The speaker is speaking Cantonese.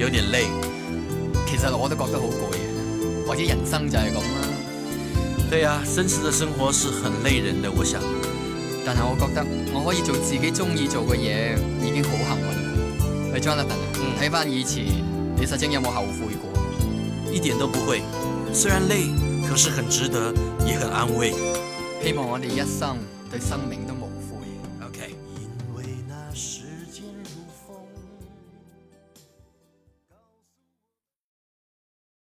有點累， 其實我都覺得好攰啊，或者人生就係咁啦。對啊，真實的生活是很累人的，我想。但係我覺得我可以做自己中意做嘅嘢，已經好幸運。喂，Jonathan 啊，睇翻以前，你曾經有冇後悔過？ 一點都不會，雖然累，可是很值得，也很安慰。 希望我哋一生對生命都。